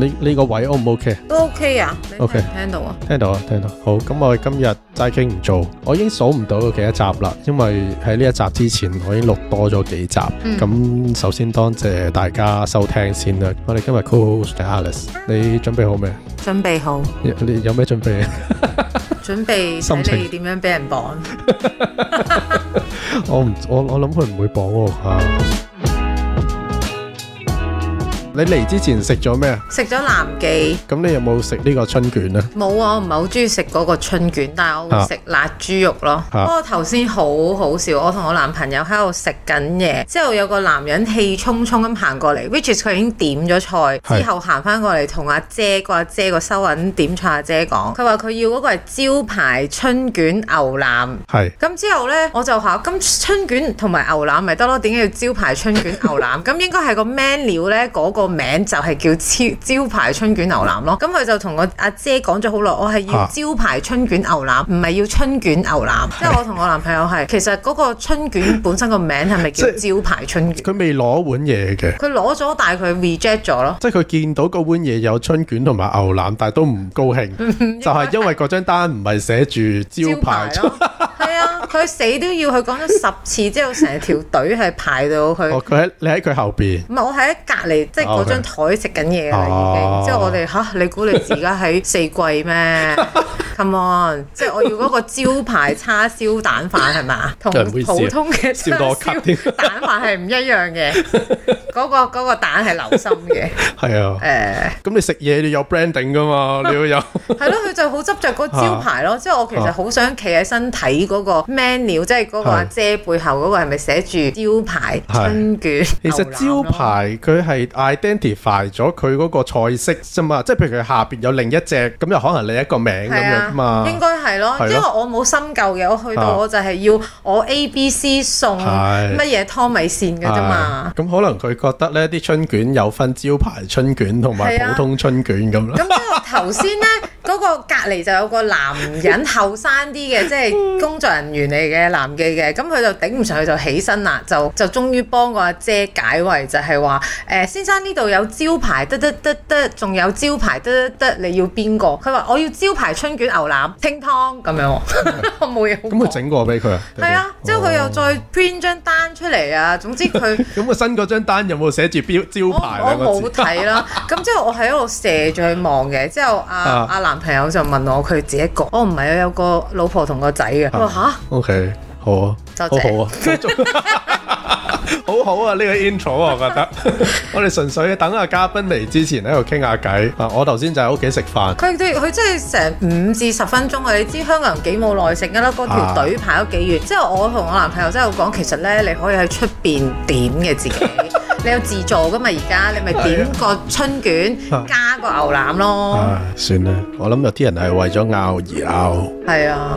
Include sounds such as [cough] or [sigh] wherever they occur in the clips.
呢呢個位 O 唔 O K？都 O K 啊，O K，聽到啊，聽到啊，聽到。好，咁我今日齋傾唔做，我已經數唔到幾多集啦，因為喺呢一集之前，我已經錄多咗幾集。咁首先多謝大家收聽先啦。我哋今日 call Alice，你準備好未？準備好。你你有咩準備啊？準備。心情。點樣俾人綁？我唔我我諗佢唔會綁我噶。你嚟之前食咗咩啊？食咗南記。咁你有冇食呢個春卷啊？冇啊，我唔係好中意食嗰個春卷，但係我會食辣豬肉咯。不過頭先好好笑，我同我男朋友喺度食緊嘢，之後有個男人氣沖沖咁行過嚟，which is 佢已經點咗菜，之後行翻過嚟同阿姐個阿姐個收銀點菜阿姐講，佢話佢要嗰個係招牌春卷牛腩。係是。咁之後呢，我就話：咁春卷同埋牛腩咪得咯，點解要招牌春卷牛腩？咁 [laughs] 應該係個 menu 呢。嗰個個名就係叫超招牌春捲牛腩咯，咁、嗯、佢、嗯、就同我阿姐講咗好耐，我係要招牌春捲牛腩，唔係蛤要春卷牛腩。是即係我同我男朋友係，其實嗰個春捲本身個名係咪叫招牌春捲？佢未攞碗嘢嘅，佢攞咗，但係佢 reject 咗咯。即係佢見到個碗嘢有春捲同埋牛腩，但係都唔高興，就係、嗯、因為嗰張單唔係寫住招牌佢死都要去講咗十次，之後成條隊係排到佢。佢喺、哦、你喺佢後面。唔係，Okay. 我喺隔離，即係嗰張台食緊嘢嚟嘅。即係我哋嚇，你估你自己喺四季咩 [laughs] ？Come on！即係我要嗰個招牌叉燒蛋飯係咪？同 [laughs] 普通嘅叉燒蛋飯係唔一樣嘅。 [laughs] 嗰個蛋係流心嘅，係啊，誒，咁你食嘢你有 branding 噶嘛？你要有，係咯，佢就好執着嗰招牌咯。即係我其實好想企喺身睇嗰個 menu，即係嗰個阿姐背後嗰個係咪寫住招牌春卷？其實招牌佢係 identify 咗佢嗰個菜式啫嘛。即係譬如佢下邊有另一隻，咁又可能另一個名咁樣嘛。應該係咯，因為我冇深究嘅，我去到我就係要我 A B C 餸乜嘢湯米線嘅啫嘛。咁可能佢。覺得呢啲春卷有分招牌春卷同埋普通春卷咁咯、啊。咁頭先呢。 [laughs] [laughs] 嗰 [laughs] 個隔籬就有個男人後生啲嘅，即係、 [laughs] 就是、工作人員嚟嘅男記嘅，咁佢就頂唔上，佢就起身啦，就就終於幫個阿、啊、姐解圍，就係、是、話、欸、先生呢度有招牌得得得得，仲有招牌得得得，你要邊個？佢話我要招牌春卷牛腩清湯咁樣，mm hmm. [laughs] 我冇嘢。咁佢整過俾佢啊？係啊，之後佢又再 print 張單出嚟啊，總之佢咁個新嗰張單有冇寫住招牌我？我冇睇啦，咁之後我喺度斜住望嘅，之後阿、啊、阿 [laughs] 男朋友就問我佢自己一個，我唔係啊，有個老婆同個仔嘅。啊、我話嚇，OK，好啊，多謝，繼續，好好啊，中 [laughs] [laughs] 好好啊，呢、呢個 intro 我覺得， [laughs] [laughs] [laughs] 我哋純粹等阿嘉賓嚟之前喺度傾下偈。啊，我頭先就喺屋企食飯。佢佢真係成五至十分鐘，你知香港人幾冇耐性㗎啦，嗰條隊排咗幾月。之、啊、後我同我男朋友真係講，其實咧你可以喺出邊點嘅自己。 [laughs] 你有自助㗎嘛？而家你咪點個春卷，啊、加個牛腩咯。啊、算啦，我諗有啲人係為咗拗而拗。係啊。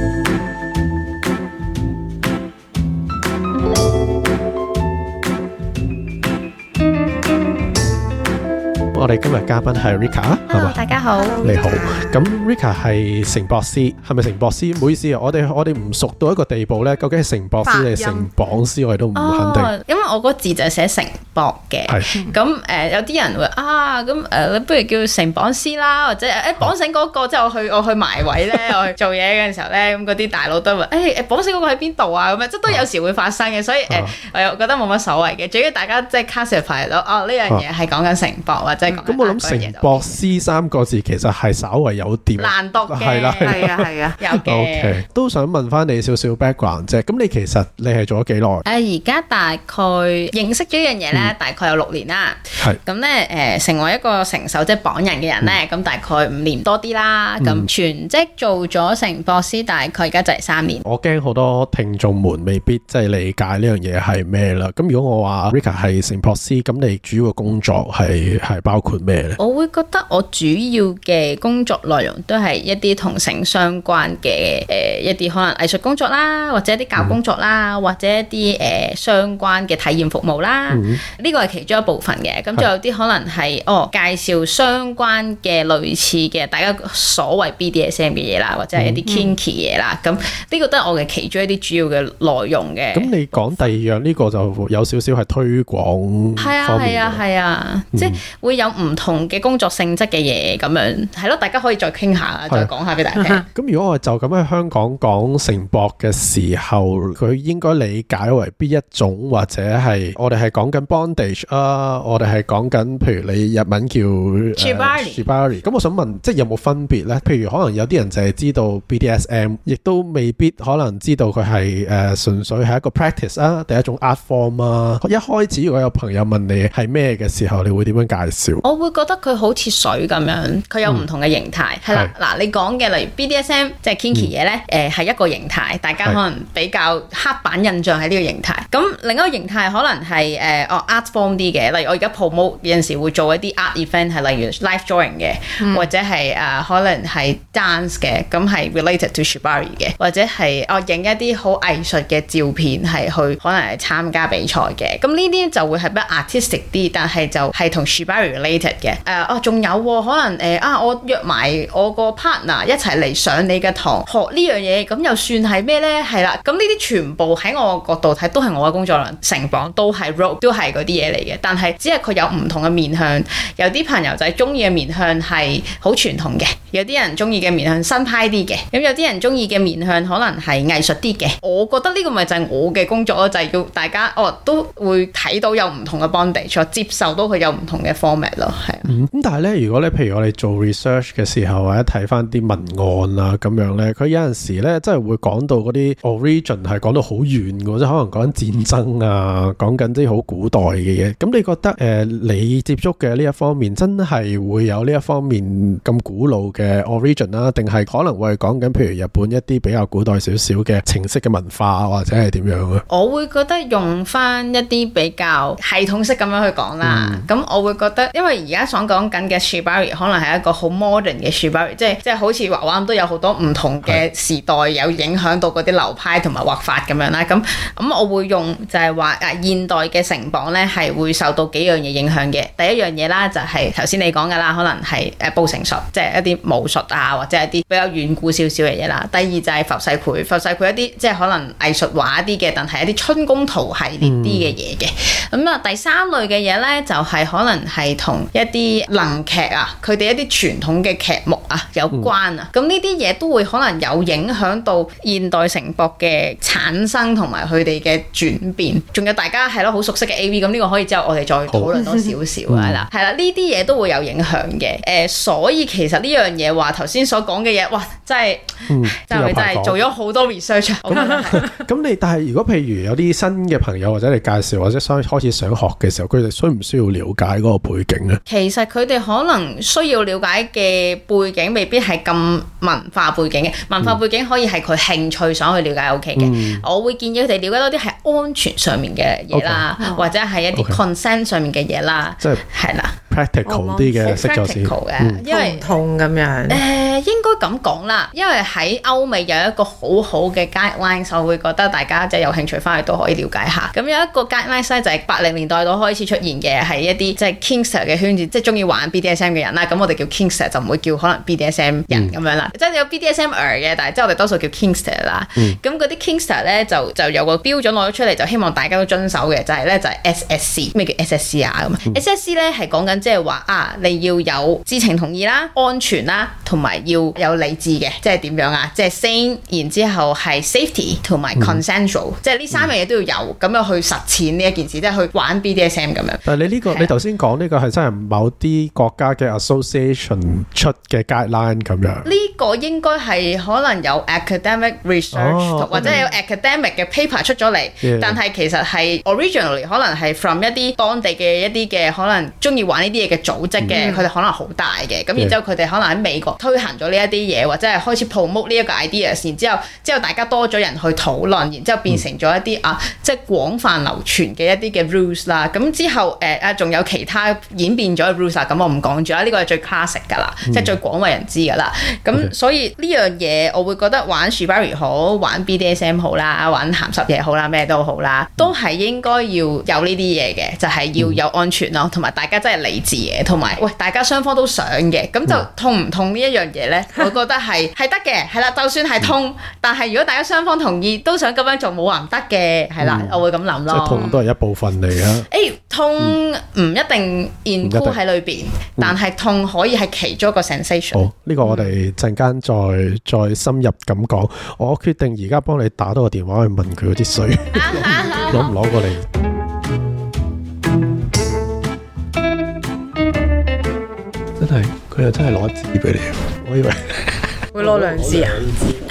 我哋今日嘉賓係 Rika，係嘛？大家好，你好。咁 Rika 係繩縛師，係咪繩縛師？唔好意思啊，我哋我哋唔熟到一個地步咧，究竟係繩縛師定係繩綁師，我哋都唔肯定。因為、哦、我嗰字就係寫繩縛嘅。咁誒是、呃，有啲人會啊，咁誒、呃，不如叫繩綁師啦，或者誒綁繩嗰個， [laughs] 即係我去我去埋位咧，我去做嘢嘅時候咧，咁嗰啲大佬都話誒誒綁繩嗰個喺邊度啊，咁樣，即都有時會發生嘅，所以誒、哦呃、我又覺得冇乜所謂嘅，主要大家即係 castify 到、啊、哦呢樣嘢係講緊繩縛或者。咁我諗繩縛師三個字其實係稍微有啲難讀嘅，係啦，係啊，係啊，有嘅。OK，都想問翻你少少 background 啫。咁你其實你係做咗幾耐？誒，而家大概認識咗樣嘢咧，大概有六年啦。係咁咧，誒，成為一個繩手即係綁人嘅人咧，咁大概五年多啲啦。咁全職做咗繩縛師，大概而家就係三年。我驚好多聽眾們未必真係理解呢樣嘢係咩啦。咁如果我話 Rika 係繩縛師，咁你主要嘅工作係係包？包括咩咧？我會覺得我主要嘅工作內容都係一啲同性相關嘅誒、呃、一啲可能藝術工作啦，或者一啲教工作啦，嗯、或者一啲誒、呃、相關嘅體驗服務啦。呢個係其中一部分嘅。咁仲有啲可能係是的 哦介紹相關嘅類似嘅大家所謂 BDSM 嘅嘢啦，或者係一啲 kinky 嘢啦。咁呢個都係我嘅其中一啲主要嘅內容嘅。咁你講第二樣呢、呢個就有少少係推廣。係啊係啊係啊，即係會有。唔同嘅工作性質嘅嘢咁樣，係咯，大家可以再傾下，再講下俾大家聽。咁如果我就咁喺香港講繩縛嘅時候，佢應該理解為邊一種，或者係我哋係講緊 bondage 啊，我哋係講緊譬如你日文叫 shibari。咁我想問，即係有冇分別呢？譬如可能有啲人淨係知道 BDSM，亦都未必可能知道佢係誒純粹係一個 practice 啊，第一種 art form 啊。一開始如果有朋友問你係咩嘅時候，你會點樣介紹？我會覺得佢好似水咁樣，佢有唔同嘅形態，係、嗯、啦，嗱是，你講嘅例如 BDSM 即係 kinky 嘢咧、嗯，誒係一個形態，大家可能比較刻板印象喺呢個形態。咁是另一個形態可能係誒哦 art form 啲嘅，例如我而家 promote 有陣時候會做一啲 art event，係例如 live drawing 嘅、嗯呃，或者係、呃、可能係 dance 嘅，咁係 related to shibari 嘅，或者係哦影一啲好藝術嘅照片係去可能係參加比賽嘅。咁呢啲就會係比較 artistic 啲，但係就係同 shibari。嘅，啊、還哦，仲有可能誒啊！我約埋我個 partner 一齊嚟上你嘅堂學呢樣嘢，咁又算係咩呢？係啦，咁呢啲全部喺我個角度睇，都係我嘅工作量、成房都係 road 都係嗰啲嘢嚟嘅。但係只係佢有唔同嘅面向，有啲朋友仔中意嘅面向係好傳統嘅，有啲人中意嘅面向是新派啲嘅，咁、嗯、有啲人中意嘅面向可能係藝術啲嘅。我覺得呢個咪就係我嘅工作咯，就係、是、要大家哦、啊、都會睇到有唔同嘅 bondage 接受到佢有唔同嘅 format。係咯，係啊。咁、嗯、但係咧，如果咧，譬如我哋做 research 嘅時候，或者睇翻啲文案啊，咁樣咧，佢有陣時咧，真係會講到嗰啲 origin 係講到好遠嘅，即係可能講緊戰爭啊，講緊啲好古代嘅嘢。咁你覺得誒、呃，你接觸嘅呢一方面真係會有呢一方面咁古老嘅 origin 啦、啊，定係可能會講緊譬如日本一啲比較古代少少嘅程式嘅文化、啊，或者係點樣咧、啊？我會覺得用翻一啲比較系統式咁樣去講啦。咁、嗯、我會覺得。因為而家想講緊嘅 Shibari 可能係一個好 modern 嘅 Shibari，即係即係好似畫畫都有好多唔同嘅時代有影響到嗰啲流派同埋畫法咁樣啦。咁咁我會用就係話誒現代嘅 Shibari 咧，係會受到幾樣嘢影響嘅。第一樣嘢啦，就係頭先你講嘅啦，可能係誒捕繩術，即係一啲武術啊，或者一啲比較遠古少少嘅嘢啦。第二就係浮世繪，浮世繪一啲即係可能藝術畫一啲嘅，但係一啲春宮圖系列啲嘅嘢嘅。咁啊、嗯，第三類嘅嘢咧，就係、是、可能係同同一啲能劇啊，佢哋一啲傳統嘅劇目啊有關啊，咁呢啲嘢都會可能有影響到現代繩縛嘅產生同埋佢哋嘅轉變，仲有大家係咯好熟悉嘅 AV，咁呢個可以之後我哋再討論多少少啊，係啦係啦，呢啲嘢都會有影響嘅，誒、呃，所以其實呢樣嘢話頭先所講嘅嘢，哇，真係、嗯、真係真係做咗好多 research，咁你但係如果譬如有啲新嘅朋友或者你介紹或者想開始想學嘅時候，佢哋需唔需要了解嗰個背景？其實佢哋可能需要了解嘅背景未必係咁文化的背景嘅，文化背景可以係佢興趣想去了解 OK 嘅。嗯、我會建議佢哋了解多啲係安全上面嘅嘢啦，Okay. 或者係一啲 consent 上面嘅嘢啦，係啦 Okay.。Pract 嗯、practical 啲嘅識咗先，唔通咁樣？誒、呃、應該咁講啦，因為喺歐美有一個很好好嘅 guidelines，我會覺得大家即係有興趣翻去都可以了解一下。咁有一個 guidelines 就係八零年代到開始出現嘅，係一啲即係、就是、kinkster 嘅圈子，即係中意玩 BDSM 嘅人啦。咁我哋叫 kinkster 就唔會叫可能 BDSM 人咁、嗯、樣啦。即係有 BDSMer 嘅，但係即係我哋多數叫 kinkster 啦。咁嗰啲、嗯、kinkster 咧就就有個標準攞咗出嚟，就希望大家都遵守嘅就係、是、咧就係、是、SSC 咩叫 SSC 啊？咁啊，SSC 咧係講緊。 s 即係話啊，你要有知情同意啦、安全啦，同埋要有理智嘅，即係點樣啊？即係 sane 然之後係 safety 同埋 consensual，嗯、即係呢三樣嘢都要有咁、嗯、樣去實踐呢一件事，即係去玩 BDSM 咁樣，但你呢、這個、啊、你頭先講呢個係真係某啲國家嘅 association 出嘅 guideline 咁樣，呢個應該係可能有 academic research、哦、或者有 academic 嘅 paper 出咗嚟，嗯、但係其實係 originally 可能係 from 一啲當地嘅一啲嘅可能中意玩呢啲嘢嘅組織嘅，佢哋、嗯、可能好大嘅，咁、嗯、然之後佢哋可能喺美國推行咗呢一啲嘢，嗯、或者係開始 promote 呢一個 idea，然之後之後大家多咗人去討論，然之後變成咗一啲、嗯、啊，即、就、係、是、廣泛流傳嘅一啲嘅 rules 啦。咁、嗯、之後啊，仲、呃、有其他演變咗嘅 rules 啊，咁我唔講住啦，呢、這個係最 classic 㗎啦，嗯、即係最廣為人知㗎啦。咁、嗯、所以呢樣嘢，我會覺得玩 Shibari 好，玩 BDSM 好啦，玩鹹濕嘢好啦，咩都好啦，都係應該要有呢啲嘢嘅，就係、是、要有安全咯，同埋、嗯、大家真係理。嘢，同埋喂，大家雙方都想嘅，咁就痛唔痛呢一樣嘢呢？嗯、我覺得係係得嘅，係啦，就算係痛，嗯、但係如果大家雙方同意都想咁樣做，冇話唔得嘅，係啦，我會咁諗咯。嗯即係、痛都係一部分嚟嘅。誒、哎，痛唔一定 include 喺裏邊，嗯、但係痛可以係其中一個 sensation。好，呢、呢個我哋陣間再再深入咁講。我決定而家幫你打多個電話去問佢嗰啲水攞唔攞過嚟？真係，佢又真係攞紙俾你，我以為會攞兩支啊。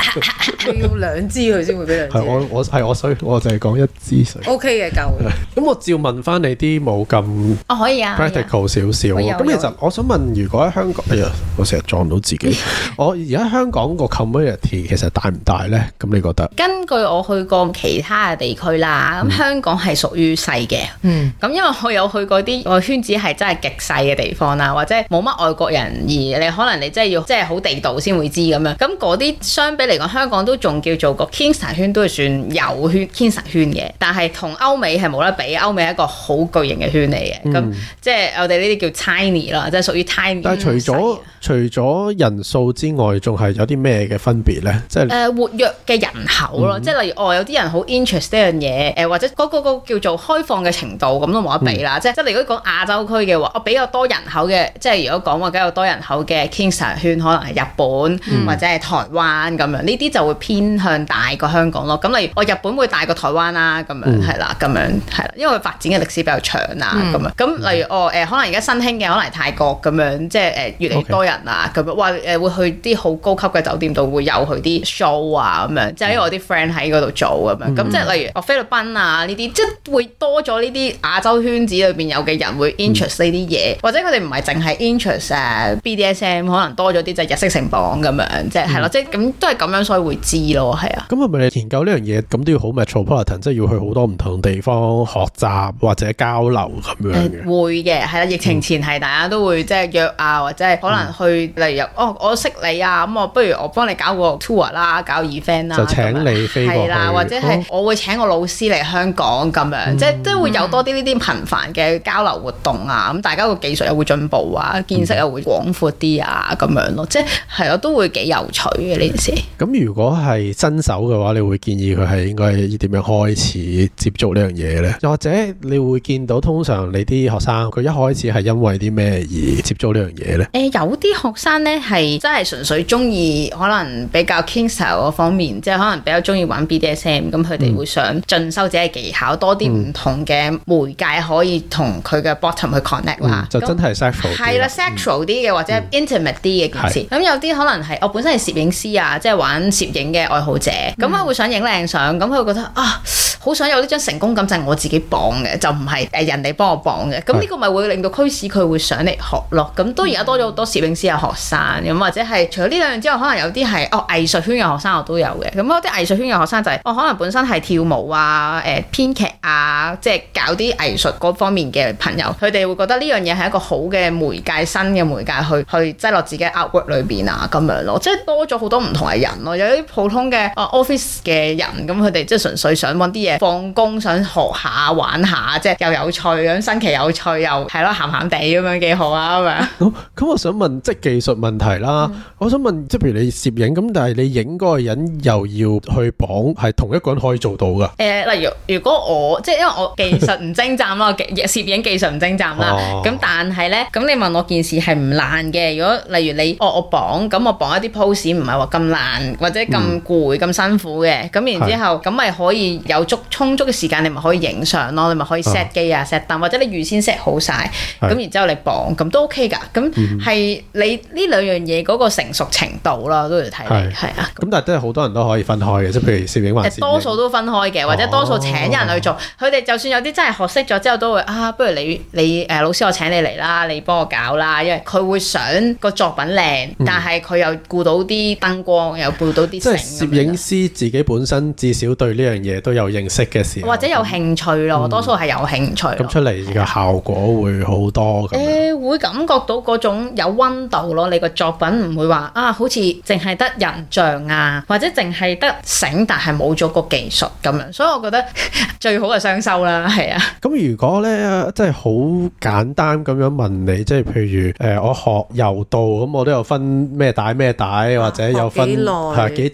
[laughs] 要兩支佢先會俾兩支我我係我需，我就係講一支水。O K 嘅夠，咁 [laughs] 我照問翻你啲冇咁，哦，可以啊，practical 少少。咁其實我想問，如果喺香港，哎呀，我成日撞到自己。 [laughs] 我而家香港個 community 其實大唔大咧？咁你覺得？根據我去過其他嘅地區啦，咁、嗯、香港係屬於細嘅。嗯，咁因為我有去過啲個圈子係真係極細嘅地方啦，或者冇乜外國人，而你可能你真係要即係好地道先會知咁樣。咁嗰啲相比，嚟講，香港都仲叫做個 kinkster 圈都係算有圈 kinkster 圈嘅，但係同歐美係冇得比，歐美係一個好巨型嘅圈嚟嘅。咁、嗯、即係我哋呢啲叫 tiny 啦，即係屬於 tiny。但係小除咗除咗人數之外，仲係有啲咩嘅分別咧？即、就、係、是呃、活躍嘅人口咯，嗯、即係例如哦，有啲人好 interest 呢樣嘢，或者嗰個叫做開放嘅程度咁都冇得比啦。嗯、即係即係如果講亞洲區嘅話，我比較多人口嘅，即係如果講話比較多人口嘅 kinkster 圈，可能係日本、嗯、或者係台灣咁樣。呢啲就會偏向大過香港咯，咁例如我日本會大過台灣、啊嗯、啦，咁樣係啦，咁樣係啦，因為佢發展嘅歷史比較長啦、啊，咁、嗯、樣咁例如哦，誒、呃、可能而家新興嘅可能泰國咁樣，即係誒、呃、越嚟越多人啦、啊，咁 Okay. 樣哇誒、呃、會去啲好高級嘅酒店度會有佢啲 show 啊咁樣，即係因為我啲 friend 喺嗰度做咁樣，咁、嗯、即係例如我菲律賓啊呢啲，即係會多咗呢啲亞洲圈子裏邊有嘅人會 interest 呢啲嘢，嗯、或者佢哋唔係淨係 interest 誒、啊、BDSM，可能多咗啲就係、日式城堡咁樣，即係係咯，即係咁都係咁。咁樣所以會知咯，係啊。咁係咪你研究呢樣嘢，咁都要好 metropolitan，即係要去好多唔同地方學習或者交流咁樣會嘅，係啦、啊。疫情前係大家都會即係約啊，嗯、或者係可能去例如哦，我識你啊，咁我不如我幫你搞個 tour 啦、啊，搞 event 啦、啊。就請你飛過嚟。係啦、啊，或者係我會請個老師嚟香港咁樣，嗯、即係都會有多啲呢啲頻繁嘅交流活動啊。咁大家個技術又會進步啊，見識又會廣闊啲啊，咁樣咯，即係係啊，都會幾有趣嘅呢件事。咁如果係新手嘅話你會建議佢係應該要點樣開始接觸呢樣嘢咧？又或者你會見到通常你啲學生佢一開始係因為啲咩而接觸呢樣嘢咧？誒、欸、有啲學生咧係真係純粹中意，可能比較 kink 嗰方面，即、就、係、是、可能比較中意玩 BDSM，咁佢哋會想進修者嘅技巧，多啲唔同嘅媒介可以同佢嘅 bottom 去 connect 啦、嗯。就真係 sexual 係啦、嗯、，sexual 啲嘅或者 intimate 啲嘅件事。咁、嗯、有啲可能係我本身係攝影師啊，即係話。攝影嘅愛好者咁、嗯、啊，會想影靚相，咁佢會覺得啊，好想有呢張成功感，就係、是、我自己綁嘅，就唔係誒人哋幫我綁嘅。咁呢個咪會令到驅使佢會上嚟學咯。咁都而家多咗好多攝影師嘅學生，咁、嗯、或者係除咗呢兩樣之外，可能有啲係哦藝術圈嘅學生我，我都有嘅。咁啊啲藝術圈嘅學生就係、是、哦，可能本身係跳舞啊、誒編劇啊，即、就、係、是、搞啲藝術嗰方面嘅朋友，佢哋會覺得呢樣嘢係一個好嘅媒介，新嘅媒介去去擠落自己 outwork 裏邊啊，咁樣咯，即係多咗好多唔同嘅人。有啲普通嘅 office 嘅人咁，佢哋即係純粹想搵啲嘢，放工，想學下玩下，即係又有趣，咁新奇有趣又係咯，鹹鹹地咁樣幾好啊，咁樣。咁，我想問即係技術問題啦。嗯、我想問即係譬如你攝影咁，但係你影嗰個人又要去綁，係同一個人可以做到噶？誒、呃，例如如果我即係因為我技術唔精湛啦，影攝 [laughs] 影技術唔精湛啦，咁、啊、但係呢，咁你問我件事係唔難嘅。如果例如你哦，我綁咁我綁一啲 pose，唔係話咁難。或者咁攰咁辛苦嘅，咁然之後，咁咪可以有足充足嘅時間，你咪可以影相咯，你咪可以 set 機啊 set 燈，或者你預先 set 好晒，咁然之後你綁，咁都 OK 噶。咁係你呢兩樣嘢嗰個成熟程度啦，都要睇你。係啊。咁但係真係好多人都可以分開嘅，即係譬如攝影多數都分開嘅，或者多數請人去做。佢哋就算有啲真係學識咗之後都會啊，不如你你誒老師，我請你嚟啦，你幫我搞啦，因為佢會想個作品靚，但係佢又顧到啲燈光背到啲，即係攝影師自己本身至少對呢樣嘢，都有認識嘅時候，或者有興趣咯，多數係有興趣。咁出嚟嘅效果會好多咁樣。誒，會感覺到嗰種有温度咯，你個作品唔會話啊，好似淨係得人像啊，或者淨係得繩，但係冇咗個技術咁樣。所以我覺得最好係雙收啦，係啊。咁如果咧，即係好簡單咁樣問你，即係譬如誒，我學柔道，咁我都有分咩帶咩帶，或者有分。係幾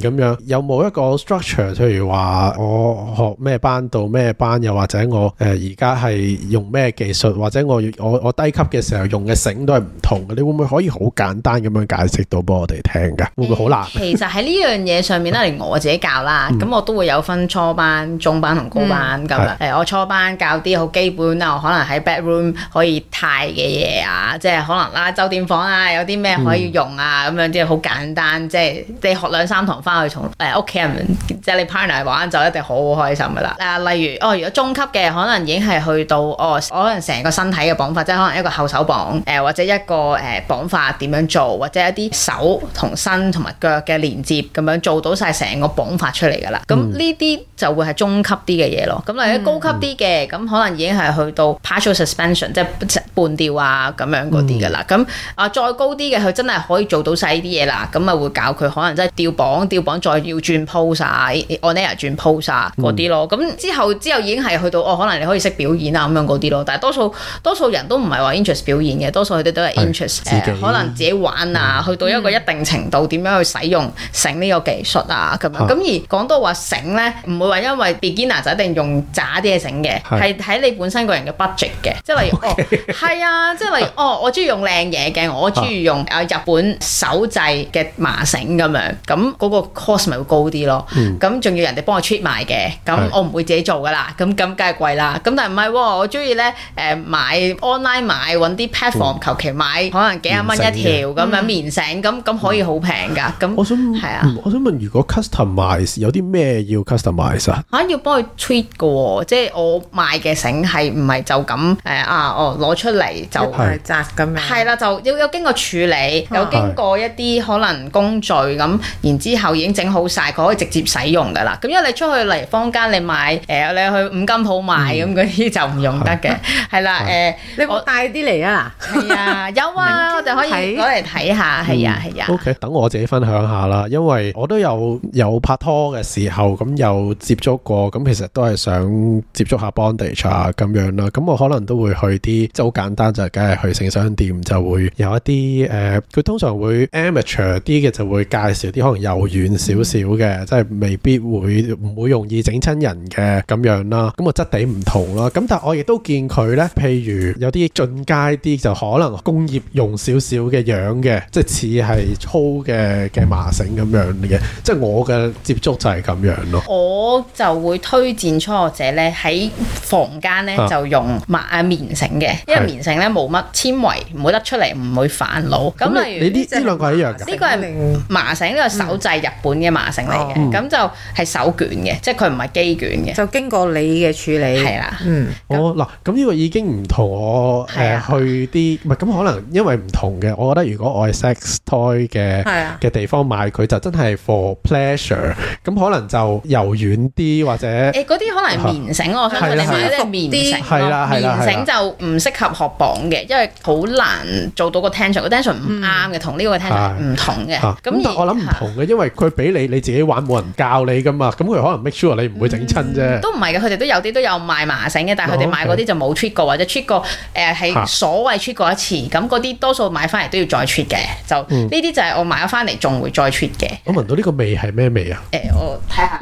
段咁樣，有冇一個 structure？譬如話我學咩班到咩班，又或者我誒而家係用咩技術，或者我或者我我，我低級嘅時候用嘅繩都係唔同嘅。你會唔會可以好簡單咁樣解釋到，畀我哋聽噶？會唔會好難、欸？其實喺呢樣嘢上面咧，啊、連我自己教啦，咁、嗯、我都會有分初班、中班同高班咁樣。誒，我初班教啲好基本啦，我可能喺 bedroom 可以 tie 嘅嘢啊，即係可能啦，酒店房啊，有啲咩可以用啊，咁、嗯、樣啲好簡單，即係。你學兩三堂翻去同誒屋企人即係你 partner 玩就一定好開心噶啦！啊，例如哦，如果中級嘅可能已經係去到哦，可能成個身體嘅綁法，即係可能一個後手綁誒、呃，或者一個誒、呃、綁法點樣做，或者一啲手同身同埋腳嘅連接咁樣做到晒成個綁法出嚟噶啦。咁呢啲就會係中級啲嘅嘢咯。咁例如高級啲嘅，咁、嗯、可能已經係去到 partial suspension、嗯、即係半吊啊咁樣嗰啲噶啦。咁啊、嗯，再高啲嘅佢真係可以做到曬呢啲嘢啦。咁啊會搞佢。可能真係吊綁，吊綁再要轉 pose，on air 轉 pose 嗰啲咯。咁之後之後已經係去到哦，可能你可以識表演啊咁樣啲咯。但係多數多數人都唔係話 interest 表演嘅，多數佢哋都係 interest，可能自己玩啊。去到一個一定程度，點樣去使用繩呢個技術啊咁樣，咁而講到話繩咧，唔會話因為 beginner 就一定用渣啲嘅繩嘅，係睇你本身個人嘅 budget 嘅。即係例如哦，係啊，即係例如哦，我中意用靚嘢嘅，我中意用誒日本手製嘅麻繩咁。咁，嗰、那個 cost 咪會高啲咯。咁仲、嗯、要人哋幫我 treat 埋嘅，咁我唔會自己做噶啦。咁咁梗係貴啦。咁但係唔係喎？我中意咧誒買 online 買，搵啲 platform 求其買，可能幾廿蚊一條咁樣棉繩，、嗯、繩，咁咁可以好平㗎。咁係想啊。我想問，如果 customize 有啲咩要 cu、啊、stomize 啊？吓要幫佢 treat 㗎喎，即係我買嘅繩係唔係就咁啊，啊？哦，攞出嚟就紮㗎咩？係啦是，就有有經過處理，啊、有經過一啲可能工序。咁然之後已經整好曬，佢可以直接使用噶啦。咁因為你出去嚟坊間，你買誒你去五金鋪買咁嗰啲就唔用得嘅，係啦誒。你我帶啲嚟啊，係啊，有啊，我哋可以攞嚟睇下。係啊，係啊。OK，等我自己分享下啦，因為我都有有拍拖嘅時候，咁有接觸過，咁其實都係想接觸下 bondage 啊咁樣啦。咁我可能都會去啲即係好簡單就梗係去性商店，就會有一啲誒，佢通常會 amateur 啲嘅就會教。少啲可能柔軟少少嘅，即係未必會唔會容易整親人嘅咁樣啦。咁啊質地唔同啦。咁但係我亦都見佢咧，譬如有啲進階啲就可能工業用少少嘅樣嘅，即係似係粗嘅嘅麻繩咁樣嘅。即係我嘅接觸就係咁樣咯、啊。我就會推薦初學者咧喺房間咧就用麻啊棉繩嘅，因為棉繩咧冇乜纖維，唔會甩出嚟，唔會煩惱。咁、嗯、例如你啲呢兩個係一樣嘅，呢個係麻。 [laughs] 麻繩呢個手製日本嘅麻繩嚟嘅，咁就係手捲嘅，即係佢唔係機捲嘅，就經過你嘅處理係啦。嗯，好嗱咁呢個已經唔同我去啲唔係咁可能因為唔同嘅，我覺得如果我係 sex toy 嘅嘅地方買佢就真係 for pleasure，咁可能就柔軟啲或者誒嗰啲可能棉繩我相信你買啲棉繩？係啦，係棉繩就唔適合學綁嘅，因為好難做到個 tension，個 tension 唔啱嘅，同呢個 tension 唔同嘅，咁而。我諗唔同嘅，因為佢俾你你自己玩，冇人教你噶嘛，咁佢可能 make sure 你唔會整親啫。都唔係嘅，佢哋都有啲都有賣麻繩嘅，但係佢哋賣嗰啲就冇 treat 過，或者 treat 過。誒、呃、係所謂 treat 過一次，咁嗰啲多數買翻嚟都要再 treat 嘅。就呢啲、嗯、就係我買咗翻嚟仲會再 treat 嘅。我聞到呢個味係咩味啊？誒、這個，我睇下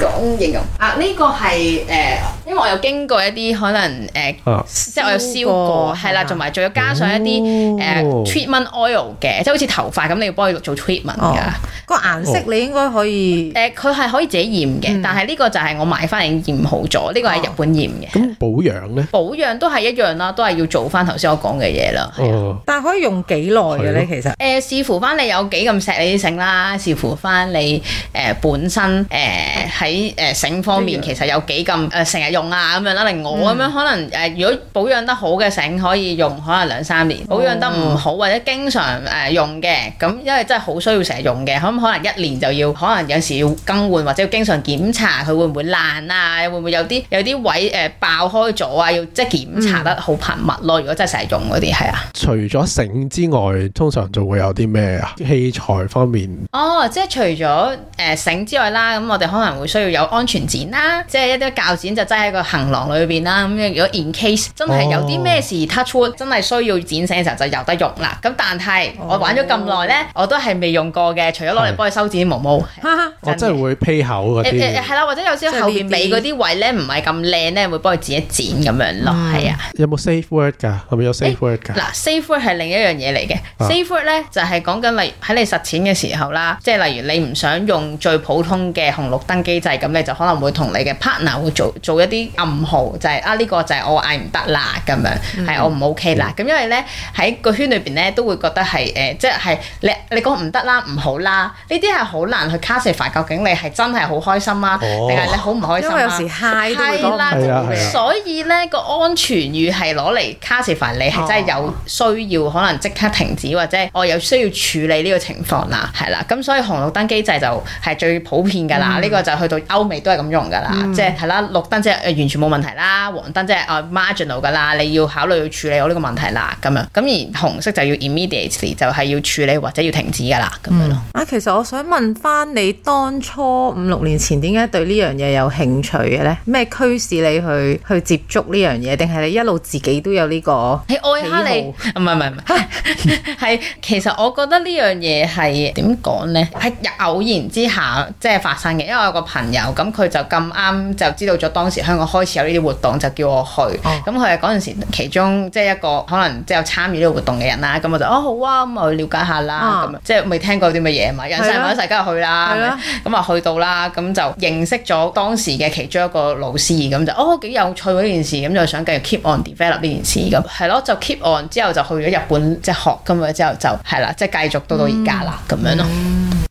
講形容啊，呢個係誒，因為我有經過一啲可能誒，呃啊、即係我有燒過係啦，同埋仲要加上一啲誒、哦啊、treatment oil 嘅，即係好似頭髮咁，你要幫佢做 treat。文噶個顏色你應該可以誒，佢係、哦哦嗯、可以自己染嘅，嗯、但係呢個就係我買翻嚟染好咗，呢個係日本染嘅。咁保養咧？保養，保養都係一樣啦，都係要做翻頭先我講嘅嘢啦。哦、但係可以用幾耐嘅咧？是的其實誒、呃，視乎翻你有幾咁錫你啲繩啦，視乎翻你誒、呃、本身誒喺誒繩方面其實有幾咁誒成日用啊咁樣啦。例如我咁樣，樣嗯、可能誒如果保養得好嘅繩可以用可能兩三年，哦、保養得唔好或者經常誒、呃、用嘅咁，因為真係好都要成日用嘅，可唔可能一年就要，可能有時要更換或者要經常檢查佢會唔會爛啊，會唔會有啲有啲位誒爆開咗啊？要即係檢查得好頻密咯。嗯、如果真係成日用嗰啲，係啊。除咗繩之外，通常就會有啲咩啊？器材方面。哦，即係除咗誒繩之外啦，咁、嗯、我哋可能會需要有安全剪啦，即係一啲鉸剪就擠喺個行囊裏邊啦。咁樣如果 in case 真係有啲咩事、哦、touch wood 真係需要剪繩嘅時候就有得用啦。咁但係我玩咗咁耐咧，哦、我都係未用。用過嘅，除咗攞嚟幫佢修剪毛毛，哦，真係會批口啲。係啦、欸欸，或者有時後面尾嗰啲位咧，唔係咁靚咧，會幫佢剪一剪咁樣咯。係啊。啊，有冇 safe word 㗎？係咪有，有 safe word？嗱、欸、safe word 係另一樣嘢嚟嘅。啊、safe word 咧就係講緊，例喺你實踐嘅時候啦，即、就、係、是、例如你唔想用最普通嘅紅綠燈機制，咁你就可能會同你嘅 partner 會做做一啲暗號，就係、是、啊呢、這個就係我嗌唔得啦咁樣，係、嗯、我唔 OK 啦。咁、嗯、因為咧喺個圈裏邊咧都會覺得係誒，即、呃、係、就是、你你講唔得唔好啦，呢啲係好難去 classify 究竟你係真係好開心啊，定係、哦、你好唔開心、啊、有時 high 咗啦，啊、所以咧個安全語係攞嚟 classify 你係真係有需要，哦、可能即刻停止或者我有需要處理呢個情況啦，係啦。咁所以紅綠燈機制就係最普遍噶啦，呢、嗯、個就去到歐美都係咁用噶啦，即係、嗯就是、啦綠燈即係完全冇問題啦，黃燈即係啊 marginal 噶啦，你要考慮要處理我呢個問題啦，咁樣咁而紅色就要 immediately 就係要處理或者要停止噶啦。咁樣咯啊，其實我想問翻你當初五六年前點解對呢樣嘢有興趣嘅咧？咩驅使你去去接觸呢樣嘢？定係你一路自己都有呢個？係愛哈你，唔係唔係唔係，係 [laughs] 其實我覺得這件事是呢樣嘢，係點講咧？係偶然之下即係發生嘅，因為我有個朋友咁佢就咁啱就知道咗當時香港開始有呢啲活動，就叫我去。咁佢係嗰陣時候其中即係一個可能即係有參與呢個活動嘅人啦。咁我就哦、啊、好啊，咁我去了解一下啦。咁、啊、樣即係未聽。聽過啲乜嘢嘛？人生一世，大家又去啦，咁啊去到啦，咁就認識咗當時嘅其中一個老師，咁就哦幾有趣嗰件事，咁就想繼續 keep on develop 呢件事，咁係咯，就 keep on 之後就去咗日本即係、就是、學，咁啊之後就係啦，即係、啊就是、繼續到到而家啦咁樣咯。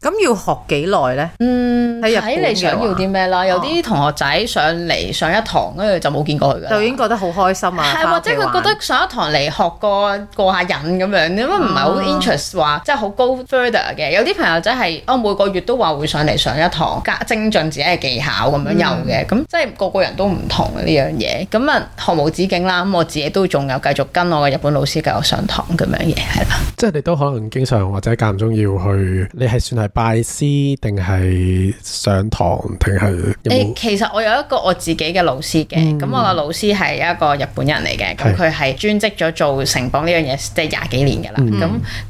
咁要學幾耐咧？嗯，喺、嗯、睇你想要啲咩啦？有啲同學仔上嚟上一堂，跟住、哦、就冇見過佢㗎，就已經覺得好開心啊！係、啊、或者佢覺得上一堂嚟學個過,過一下癮咁樣，點解唔係好 interest 話、哦，即係好高嘅有啲朋友就係哦每個月都話會上嚟上一堂，加精進自己嘅技巧咁樣有嘅，咁即係個個人都唔同呢樣嘢，咁啊毫無止境啦。咁我自己都仲有繼續跟我嘅日本老師繼續上堂咁樣嘢，係啦。即係你都可能經常或者間唔中要去，你係算係拜師定係上堂定係？誒，其實我有一個我自己嘅老師嘅，咁、嗯、我嘅老師係一個日本人嚟嘅，咁佢係專職咗做繩綁呢樣嘢，即係廿幾年㗎啦。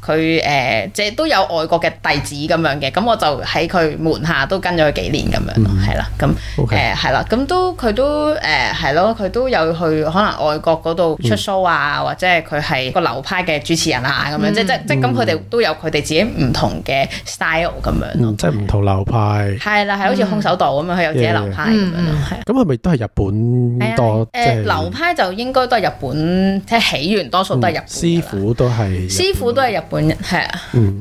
咁佢誒即係都有我外國嘅弟子咁樣嘅，咁我就喺佢門下都跟咗佢幾年咁樣，係啦，咁誒係啦，咁都佢都誒係咯，佢都有去可能外國嗰度出 show 啊，或者係佢係個流派嘅主持人啊咁樣，即即即咁佢哋都有佢哋自己唔同嘅 style 咁樣，即係唔同流派，係啦，係好似空手道咁樣，佢有自己流派咁樣，係。咁係咪都係日本多？誒流派就應該都係日本，即係起源多數都係日本。師傅都係，師傅都係日本人，係啊，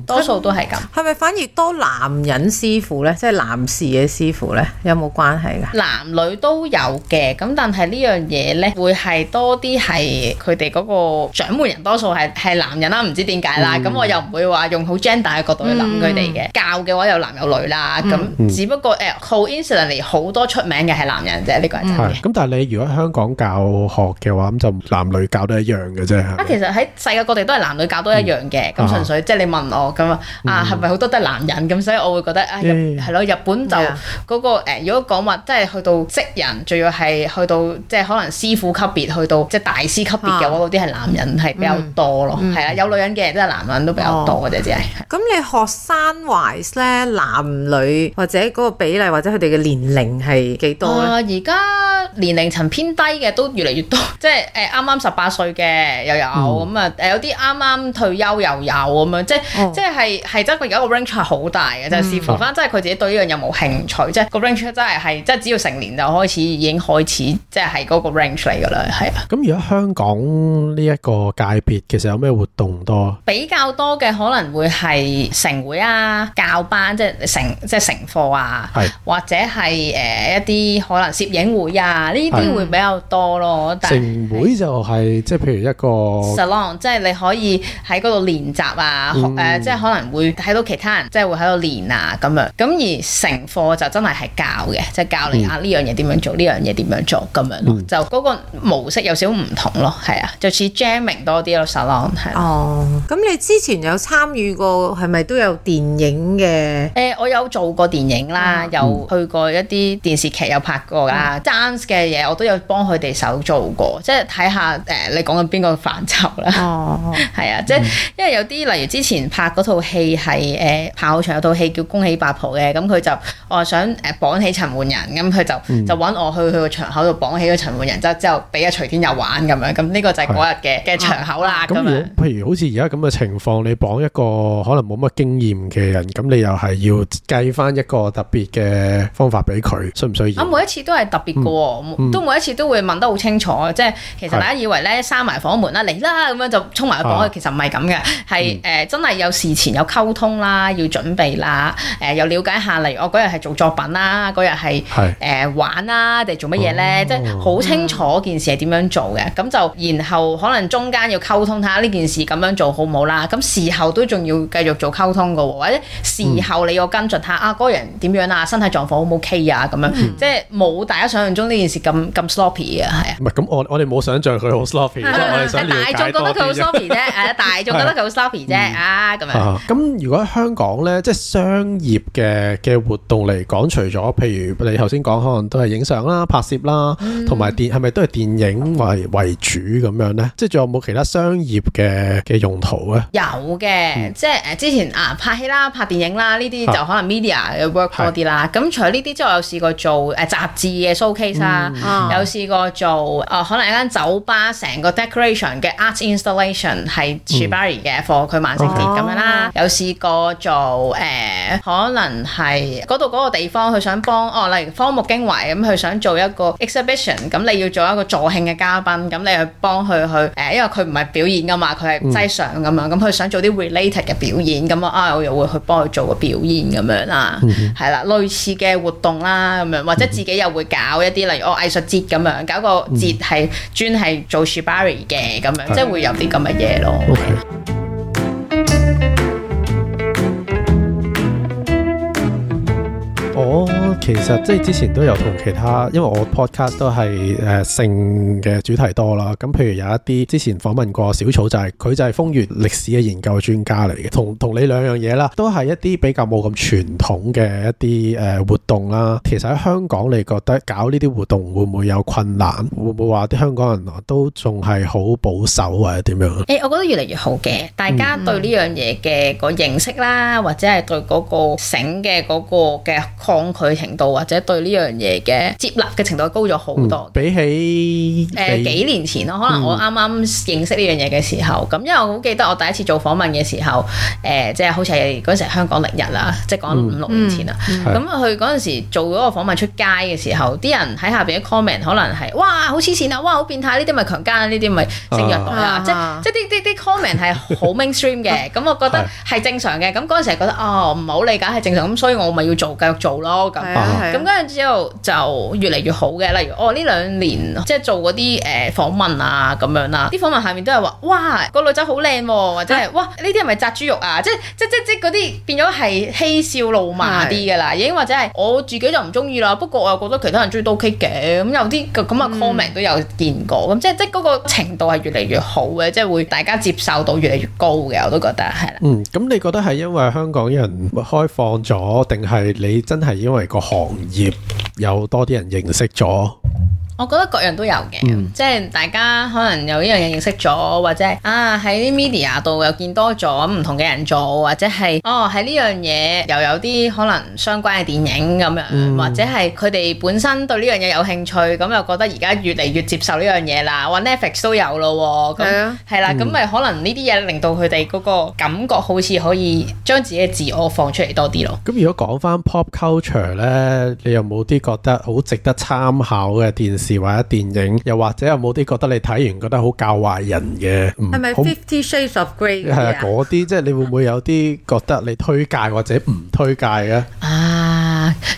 多數都。都係咁，係咪反而多男人師傅咧？即係男士嘅師傅咧，有冇關係㗎？男女都有嘅，咁但係呢樣嘢咧，會係多啲係佢哋嗰個掌門人，多數係係男人啦，唔知點解啦。咁我又唔會話用好 gender 嘅角度去諗佢哋嘅教嘅話有男有女啦。咁只不過誒，coincidentally 好多出名嘅係男人啫，呢個係真嘅。咁但係你如果喺香港教學嘅話，咁就男女教都一樣嘅啫。啊，其實喺世界各地都係男女教都一樣嘅，咁純粹即係你問我咁啊。啊，係咪好多都係男人咁？所以我會覺得啊，係咯，日本就嗰、那個如果講話即係去到職人，仲要係去到即係可能師傅級別，去到即係大師級別嘅話，嗰啲係男人係比較多咯，係啊、嗯嗯，有女人嘅，即係男人都比較多嘅啫，即係、哦。咁你學生 wise 咧，男女或者嗰個比例或者佢哋嘅年齡係幾多咧？而家、啊。年齡層偏低嘅都越嚟越多，即係誒啱啱十八歲嘅又有，咁啊誒有啲啱啱退休又有咁樣，即係、嗯、即係係真個而家個 range 係好大嘅，就係視乎，返即係佢自己對呢樣有冇興趣，嗯、即係個 range 真係係即係只要成年就開始已經開始是那，即係係嗰個 range 嚟噶啦，係啊。咁而家香港呢一個界別其實有咩活動多？比較多嘅可能會係繩會啊、教班即係繩即係繩課啊，是或者係誒、呃、一啲可能攝影會啊。呢啲、啊、會比較多咯，嗯、但係是成會就係即係譬如一個 salon 即係你可以喺嗰度練習啊，誒、嗯，即係、呃就是、可能會睇到其他人即係、就是、會喺度練啊咁樣。咁而成課就真係係教嘅，即、就、係、是、教你啊呢、嗯啊、樣嘢點樣做，呢、嗯、樣嘢點樣做咁樣，嗯、就嗰個模式有少少唔同咯，係啊，就似 jamming 多啲咯 salon 係。Sal on，啊、哦，咁你之前有參與過係咪都有電影嘅？誒、呃，我有做過電影啦，嗯、有去過一啲電視劇，有拍過噶嘅嘢我都有幫佢哋手做過，即係睇下你講緊邊個範疇啦。哦，係 [laughs] 啊，即係因為有啲、嗯、例如之前拍嗰套戲係炮跑場，有套戲叫《恭喜八婆》嘅，咁佢就我就想誒綁起陳煥仁，咁佢就、嗯、就揾我去去個場口度綁起個陳煥仁，嗯、之後之後俾阿徐天佑玩咁的樣。咁呢個就係嗰日嘅嘅場口啦。咁如譬如好似而家咁嘅情況，你綁一個可能冇乜經驗嘅人，咁你又係要計翻一個特別嘅方法俾佢，需唔需要？每一次都係特別嘅喎、嗯。嗯、都每一次都會問得好清楚，即係其實大家以為咧閂埋房門啦，嚟啦咁樣就衝埋去房，啊、其實唔係咁嘅，係誒、嗯呃、真係有事前有溝通啦，要準備啦，誒、呃、又了解下，例如我嗰日係做作品啦，嗰日係誒玩啦，定做乜嘢咧，嗯、即係好清楚件事係點樣做嘅，咁就、嗯、然後可能中間要溝通下呢件事咁樣做好唔好啦，咁事後都仲要繼續做溝通嘅，或者事後你要跟進下、嗯、啊嗰、嗰個、人點樣啊，身體狀況好唔好 ok 啊，咁樣、嗯、即係冇大家想象中呢件。是咁咁 sloppy 啊，係啊，唔係咁，我我哋冇想象佢好 sloppy，大眾覺得佢好 sloppy 啫，大眾覺得佢好 sloppy 啫啊。咁咁如果喺香港咧，即係商業嘅嘅活動嚟講，除咗譬如你頭先講，可能都係影相啦、拍攝啦，同埋電係咪都係電影為為主咁樣咧？即係仲有冇其他商業嘅嘅用途咧？有嘅，即係之前啊拍戲啦、拍電影啦，呢啲就可能 media work 多啲啦。咁除咗呢啲之外，我有試過做誒雜誌嘅 showcase 啦。嗯啊、有試過做哦、呃，可能一間酒吧成個 decoration 嘅 art installation 係 Shibari 嘅貨，佢萬聖節咁、啊、樣啦。有試過做誒、呃，可能係嗰度嗰個地方，佢想幫哦，例如荒木經惟咁，佢、嗯、想做一個 exhibition，咁、嗯、你要做一個助慶嘅嘉賓，咁、嗯、你幫他去幫佢去誒，因為佢唔係表演噶嘛，佢係擠上咁樣，咁、嗯、佢、嗯嗯、想做啲 related 嘅表演，咁、嗯、啊，我又會去幫佢做個表演咁樣啦，係、嗯、啦，類似嘅活動啦咁樣，或者自己又會搞一啲、嗯、例如。個藝術節咁樣，搞個節係專係做 shibari 嘅咁樣，嗯，即係會有啲咁嘅嘢咯。Okay. 我其實即係之前都有同其他，因為我 podcast 都係誒性嘅主題多啦。咁譬如有一啲之前訪問過小草，就係佢就係風月歷史嘅研究專家嚟嘅。同同你兩樣嘢啦，都係一啲比較冇咁傳統嘅一啲誒活動啦。其實喺香港，你覺得搞呢啲活動會唔會有困難？會唔會話啲香港人都仲係好保守或者點樣？誒，我覺得越嚟越好嘅。大家對呢樣嘢嘅個認識啦，或者係對嗰個繩嘅嗰個嘅。抗拒程度或者對呢樣嘢嘅接納嘅程度高咗好多，比起誒幾年前咯，可能我啱啱認識呢樣嘢嘅時候，咁因為我好記得我第一次做訪問嘅時候，誒即係好似嗰陣時香港歷日啦，即係講五六年前啦，咁啊去嗰陣時做嗰個訪問出街嘅時候，啲人喺下邊啲 comment 可能係哇好黐線啊，哇好變態，呢啲咪強姦啊，呢啲咪性虐待啊，即係即係啲啲啲 comment 係好 mainstream 嘅，咁我覺得係正常嘅，咁嗰陣時係覺得哦唔係好理解係正常，咁所以我咪要做繼續做。咯咁，咁跟住之後就越嚟越好嘅。例如，我呢兩年即係做嗰啲訪問啊，咁樣啦，啲訪問下面都係話：哇，個女仔好靚喎，或者係哇呢啲係咪紮豬肉啊？即係即即即嗰啲變咗係嬉笑怒罵啲噶啦，已經或者係我自己就唔中意啦。不過我又覺得其他人中意都 OK 嘅。咁有啲咁嘅 comment 都有見過。咁即係即嗰個程度係越嚟越好嘅，即係會大家接受到越嚟越高嘅。我都覺得係啦。嗯，咁你覺得係因為香港人開放咗，定係你真？係因為個行業有多啲人認識咗。我覺得各樣都有嘅，嗯、即係大家可能有一樣嘢認識咗，或者啊喺啲 media 度又見多咗唔同嘅人做，或者係哦喺呢樣嘢又有啲可能相關嘅電影咁樣，嗯、或者係佢哋本身對呢樣嘢有興趣，咁又覺得而家越嚟越接受呢樣嘢啦，話 Netflix 都有咯，咁係啦，咁咪可能呢啲嘢令到佢哋嗰個感覺好似可以將自己嘅自我放出嚟多啲咯。咁如果講返 pop culture 咧，你有冇啲覺得好值得參考嘅電視？或者電影，又或者有冇啲覺得你睇完覺得好教壞人嘅？係咪很《Fifty Shades of Grey》嗰啲啊？係啊，嗰啲即係你會唔會有啲覺得你推介或者唔推介嘅？啊！ [laughs]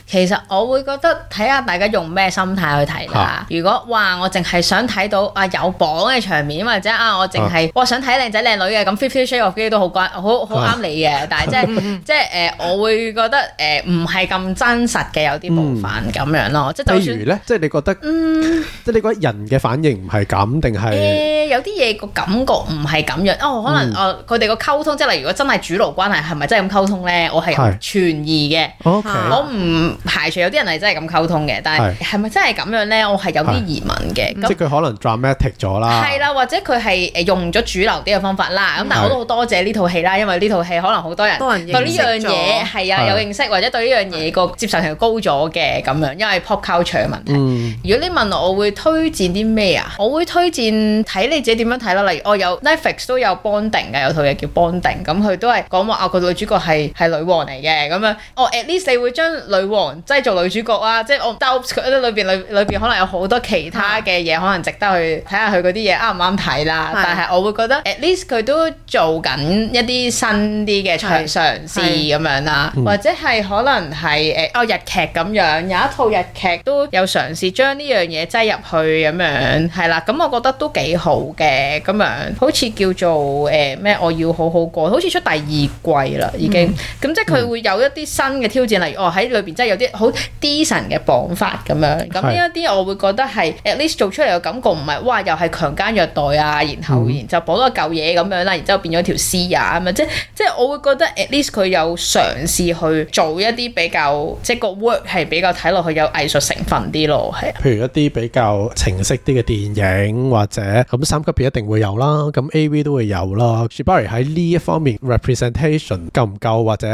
其實我會覺得睇下大家用咩心態去睇啦。如果話我淨係想睇到啊有榜嘅場面，或者啊我淨係哇想睇靚仔靚女嘅，咁《Fifty Shades of Grey》都好關好好啱你嘅。但係 [laughs] 即係即係誒，我會覺得誒唔係咁真實嘅，有啲模範咁樣咯、嗯。即係就如咧，即係你覺得、嗯、即係你覺得人嘅反應唔係咁定係誒，有啲嘢個感覺唔係咁樣哦、呃。可能誒佢哋個溝通，即係如果真係主奴關係，係咪真係咁溝通咧？我係存疑嘅。Okay. 我唔。唔排除有啲人係真係咁溝通嘅，但係係咪真係咁樣呢？我係有啲疑問嘅。是的那即係佢可能 dramatic 咗啦，係啦，或者佢係用咗主流啲嘅方法啦。咁的但係我都好多謝呢套戲啦，因為呢套戲可能好多人對呢樣嘢係啊有認識，的或者對呢樣嘢個接受程度高咗嘅咁樣，因為 pop culture 嘅問題。嗯、如果你問我，我會推薦啲咩啊？我會推薦睇你自己點樣睇啦。例如我有 Netflix 都有 bonding 嘅，有套嘢叫 bonding，咁佢都係講話啊個女主角係係女王嚟嘅咁樣。哦，at least 會將女王即係做女主角啦、啊，即係我唔得。裏邊裏裏邊可能有好多其他嘅嘢，啊、可能值得去睇下佢嗰啲嘢啱唔啱睇啦。是的 但係我會覺得 at least 佢都做緊一啲新啲嘅嘗嘗試咁樣啦，是是或者係可能係誒哦日劇咁樣，有一套日劇都有嘗試將呢樣嘢擠入去咁樣，係啦。咁、嗯、我覺得都幾好嘅咁樣，好似叫做誒咩、呃、我要好好過，好似出第二季啦已經。咁、嗯、即係佢會有一啲新嘅挑戰，例如哦喺邊真係有啲好 decent 嘅綁法咁樣，咁呢一啲我會覺得係 at least 做出嚟嘅感覺唔係哇又係強姦虐待啊，然後然就綁咗嚿嘢咁樣啦，然之後變咗條絲啊咁啊，即係即係我會覺得 at least 佢有嘗試去做一啲比較即個 work 係比較睇落去有藝術成分啲咯，係啊，譬如一啲比較情色啲嘅電影或者咁三級片一定會有啦，咁 AV 都會有啦。Shibari 喺呢一方面 representation 夠唔夠或者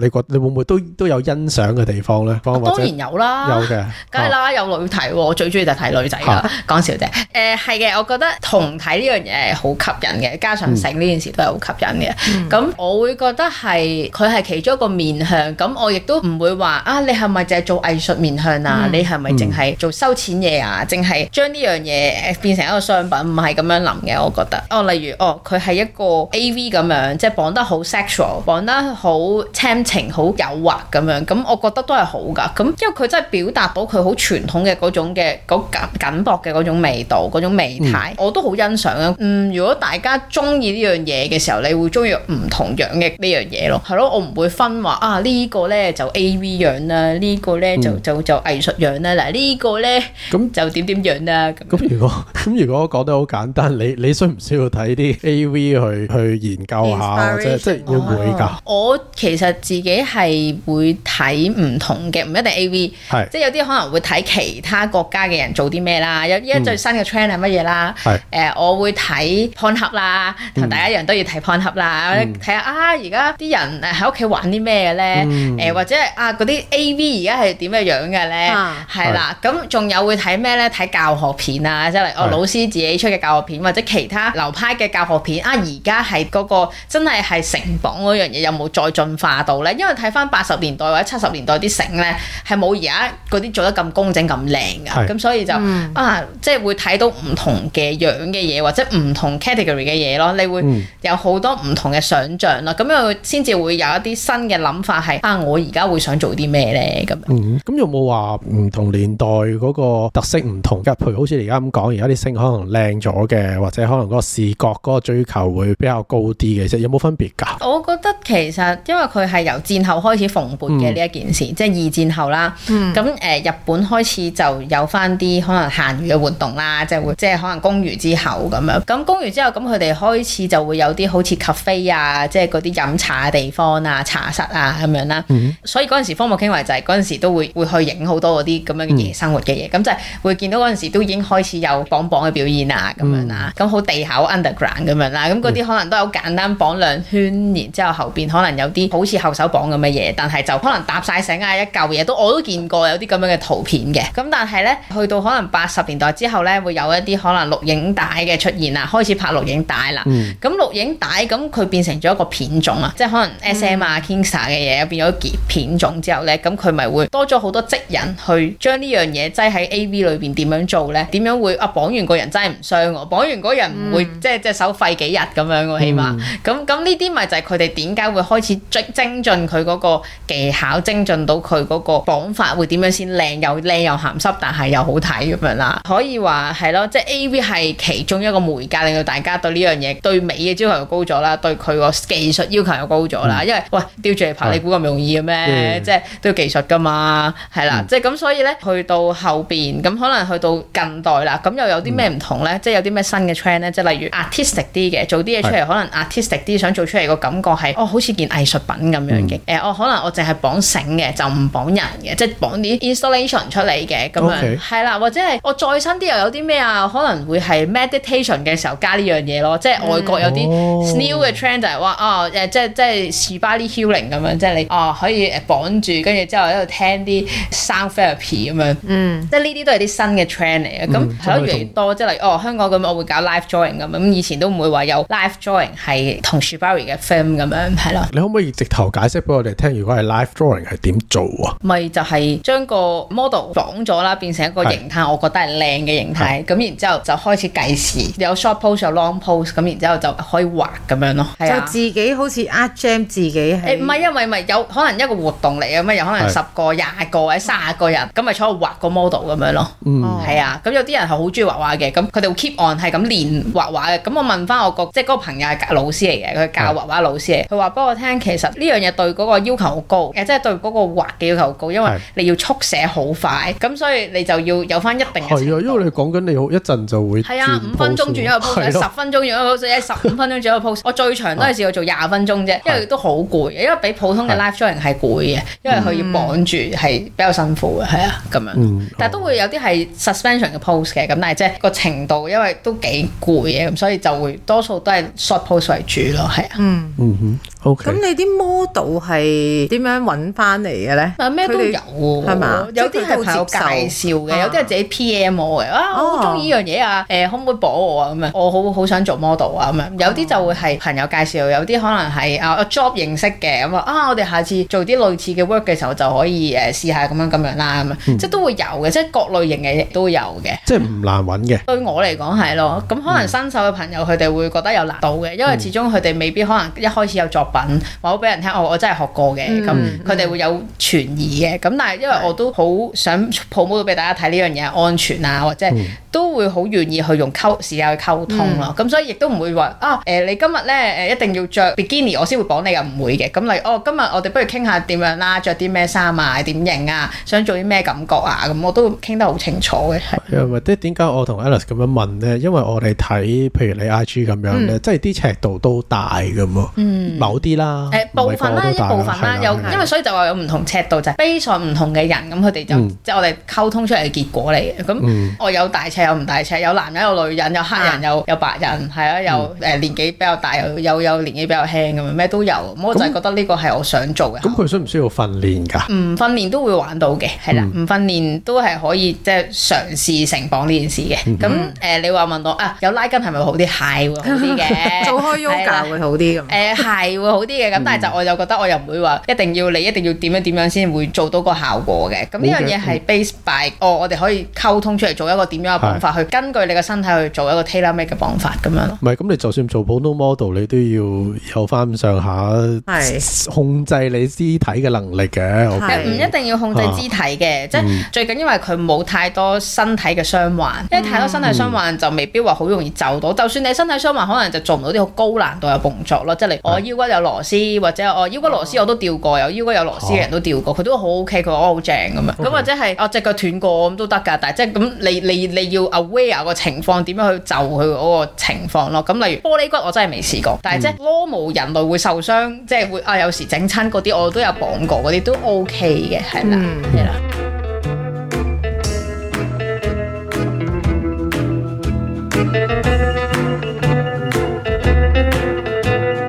你覺你會唔會都都有欣賞？嘅地方咧，當然有啦，有嘅的，梗係啦，哦、有女睇喎、喔，我最中意就係睇女仔啦，講、啊、笑啫。誒、呃，係嘅，我覺得同體呢樣嘢係好吸引嘅，加上性呢件事都係好吸引嘅。咁、嗯、我會覺得係佢係其中一個面向。咁我亦都唔會話啊，你係咪淨係做藝術面向啊？嗯、你係咪淨係做收錢嘢啊？淨係、嗯、將呢樣嘢變成一個商品，唔係咁樣諗嘅。我覺得哦，例如哦，佢係一個 A V 咁樣，即係綁得好 sexual，綁得好深情、好誘惑咁樣。咁我我覺得都係好噶，咁因為佢真係表達到佢好傳統嘅嗰種嘅嗰緊緊縛嘅嗰種味道，嗰種媚態，嗯、我都好欣賞啊。嗯，如果大家中意呢樣嘢嘅時候，你會中意唔同樣嘅呢樣嘢咯，係咯，我唔會分話啊呢、呢個呢就 A.V. 樣啦，呢、呢個呢就就就藝術樣啦。嗱、呢、呢個呢咁、嗯、就點點樣啦？咁如果咁 [laughs] 如果講得好簡單，你你需唔需要睇啲 A.V. 去去研究一下，Insp iration? 即即唔會噶？我其實自己係會睇。唔同嘅，唔一定 A.V.，是即係有啲可能會睇其他國家嘅人做啲咩啦，有依家最新嘅 trend 係乜嘢啦？誒，我會睇 pornhub 啦，同、嗯、大家一樣都要睇 pornhub 啦，睇下、嗯、啊，而家啲人喺屋企玩啲咩嘅咧？誒、嗯呃，或者啊，嗰啲 A.V. 而家係點嘅樣嘅咧？係、啊、啦，咁仲是有會睇咩咧？睇教學片啊，即係哦，老師自己出嘅教學片，或者其他流派嘅教學片。啊，而家係嗰個真係係繩縛嗰樣嘢有冇再進化到咧？因為睇翻八十年代或者七十年代。年代啲繩咧，係冇而家嗰啲做得咁工整咁靚噶，咁所以就啊，即係會睇到唔同嘅樣嘅嘢，或者唔同 category 嘅嘢咯。你會有好多唔同嘅想像啦，咁樣先至會有一啲新嘅諗法係，啊，我而家會想做啲咩咧咁樣？咁有冇話唔同年代嗰個特色唔同噶？譬如好似你而家咁講，而家啲繩可能靚咗嘅，或者可能嗰個視覺嗰個追求會比較高啲嘅，其實有冇分別㗎？我覺得其實因為佢係由戰後開始蓬勃嘅呢一件。即係二戰後啦，咁、嗯呃、日本開始就有翻啲可能閒餘嘅活動啦，即係會即係可能公餘之，之後咁樣，咁公餘之後咁佢哋開始就會有啲好似 cafe 啊，即係嗰啲飲茶嘅地方啊、茶室啊咁樣啦。嗯、所以嗰陣時荒木經惟就係嗰陣時都會會去影好多嗰啲咁樣嘅夜生活嘅嘢。咁、嗯、就會見到嗰陣時都已經開始有綁綁嘅表演啊咁樣啦。咁好、嗯、地下 underground 咁樣啦。咁嗰啲可能都有簡單綁兩圈，然之後後邊可能有啲好似後手綁咁嘅嘢，但係就可能搭晒。醒啊一嚿嘢都我都見過有啲咁樣嘅圖片嘅，咁但係咧去到可能八十年代之後咧，會有一啲可能錄影帶嘅出現啊，開始拍錄影帶啦。咁錄、嗯、影帶咁佢變成咗一個片種啊，即係可能 SM 啊 Kingsa 嘅嘢變咗片種之後咧，咁佢咪會多咗好多職人去將呢樣嘢擠喺 AV 裏邊點樣做咧？點樣會啊綁完個人真係唔傷我、哦、綁完個人唔會、嗯、即係隻手廢幾日咁樣喎，起碼咁咁呢啲咪就係佢哋點解會開始精進進佢嗰個技巧精。進到佢嗰個綁法會點樣先靚又靚又鹹濕，但係又好睇咁樣啦。可以話係咯，即係 AV 係其中一個媒介，令到大家對呢樣嘢對美嘅要求又高咗啦，對佢個技術要求又高咗啦。因為喂，吊住嚟拍你估咁容易嘅咩？是的即係都要技術噶嘛，係啦。嗯、即係咁，所以咧去到後邊咁，可能去到近代啦，咁又有啲咩唔同咧、嗯？即係有啲咩新嘅 trend 咧？即係例如 artistic 啲嘅，做啲嘢出嚟，的可能 artistic 啲，想做出嚟個感覺係的哦，好似件藝術品咁樣嘅。誒、嗯，我、呃哦、可能我淨係綁繩。就唔綁人嘅，即係綁啲 installation 出嚟嘅咁樣，係啦 Okay.，或者係我再新啲又有啲咩啊？可能會係 meditation 嘅時候加呢樣嘢咯，即係外國有啲 new 嘅 trend 就係、是、話、mm. 哦，誒、哦，即係即係 Shibari healing 咁樣，即係你哦，可以誒綁住，跟住之後喺度聽啲 sound therapy 咁樣，mm. 樣嗯，即係呢啲都係啲新嘅 trend 嚟嘅。咁係咯，越嚟越多，即係例如哦香港咁，我會搞 live drawing 咁樣，咁以前都唔會話有 live drawing 係同 Shibari 嘅 film 咁樣，係咯。你可唔可以直頭解釋俾我哋聽，如果係 live drawing 係？點做啊？咪就係將個 model 綁咗啦，變成一個形態，我覺得係靚嘅形態。咁然之後就開始計時，有 short pose、有 long pose，咁然之後就可以畫咁樣咯。就自己好似 art jam 自己，係唔係？因為咪有可能一個活動嚟嘅咁，有可能十個、廿個或者卅個人，咁咪坐度畫個 model 咁樣咯。嗯，係啊。咁有啲人係好中意畫畫嘅，咁佢哋會 keep on 係咁練畫畫嘅。咁我問翻我個即係嗰個朋友係老師嚟嘅，佢教畫畫老師嚟，佢話俾我聽，其實呢樣嘢對嗰個要求好高，即係對嗰個畫嘅要求高，因為你要速寫好快，咁所以你就要有翻一定嘅。係啊，因為你講緊你好一陣就會。係啊，五分鐘轉一個 pose，十分鐘轉一個 pose，十五分鐘轉一個 pose。我最長都係試過做廿分鐘啫，因為都好攰嘅，因為比普通嘅 life drawing 係攰嘅，因為佢要綁住係比較辛苦嘅，係啊咁樣。但係都會有啲係 suspension 嘅 pose 嘅，咁但係即係個程度，因為都幾攰嘅，咁所以就會多數都係 short pose 為主咯，係啊。嗯哼。咁 Okay. 你啲 model 係點樣揾翻嚟嘅咧？咩都有喎、啊，係嘛們？吧有啲係朋友介紹嘅，有啲係自己 PM 我嘅。啊，我好中意呢樣嘢啊！誒，可唔可以幫我啊？咁啊，我好好想做 model 啊！咁樣、啊、有啲就會係朋友介紹，有啲可能係啊 job 形式嘅咁啊。啊，我哋下次做啲類似嘅 work 嘅時候就可以誒試下咁樣咁樣啦。咁啊，嗯、即係都會有嘅，即係各類型嘅亦都有嘅。即係唔難揾嘅。對我嚟講係咯，咁可能新手嘅朋友佢哋會覺得有難度嘅，嗯、因為始終佢哋未必可能一開始有作品話好俾人聽，我我真係學過嘅，咁佢哋會有存疑嘅，咁但係因為我都好想鋪滿俾大家睇呢樣嘢安全啊，或者。嗯都會好願意去用溝時間去溝通咯，咁所以亦都唔會話啊，誒，你今日咧，誒一定要著 bikini 我先會綁你，又唔會嘅。咁例如哦，今日我哋不如傾下點樣啦，着啲咩衫啊，點型啊，想做啲咩感覺啊，咁我都傾得好清楚嘅。誒，唔係，即係點解我同 Alice 咁樣問咧？因為我哋睇譬如你 IG 咁樣嘅，即係啲尺度都大嘅喎，某啲啦。誒，部分啦，一部分啦，有，因為所以就話有唔同尺度就飛上唔同嘅人，咁佢哋就即係我哋溝通出嚟嘅結果嚟嘅。咁我有大尺度。有唔大尺，有男人有女人，有黑人有有白人，係啊，有誒年紀比較大，有有年紀比較輕咁樣，咩都有。咁我就覺得呢個係我想做嘅。咁佢需唔需要訓練噶？唔訓練都會玩到嘅，係啦，唔訓練都係可以即係嘗試繩綁呢件事嘅。咁誒、嗯哼呃，你話問我啊，有拉筋係咪好啲？係喎，好啲嘅，做開 yoga 會好啲咁。誒，係喎，會好啲嘅。咁但係就我又覺得我又唔會話一定要你一定要點樣點樣先會做到一個效果嘅。咁呢、嗯、樣嘢係 based by，哦，我哋可以溝通出嚟做一個點樣。方法去根據你個身體去做一個 tailor-made 嘅方法咁樣咯。唔係，咁你就算做普通 model，你都要有翻咁上下，係控制你肢體嘅能力嘅。係唔一定要控制肢體嘅，即係最緊因為佢冇太多身體嘅傷患，因為太多身體傷患就未必話好容易就到。就算你身體傷患，可能就做唔到啲好高難度嘅動作咯。即係你，我腰骨有螺絲，或者我腰骨螺絲我都掉過，有腰骨有螺絲嘅人都掉過，佢都好 OK，佢話好正咁樣。咁或者係我隻腳斷過咁都得㗎，但係即係咁，你你你要。要 aware 個情況點樣去就佢嗰個情況咯，咁例如玻璃骨我真係未試過，但係即係 normal 人類會受傷，即係會啊有時整親嗰啲我都有綁過嗰啲都 OK 嘅，係啦，係啦、嗯。係啦。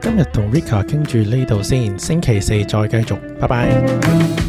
今日同 Rika 傾住呢度先，星期四再繼續，拜拜。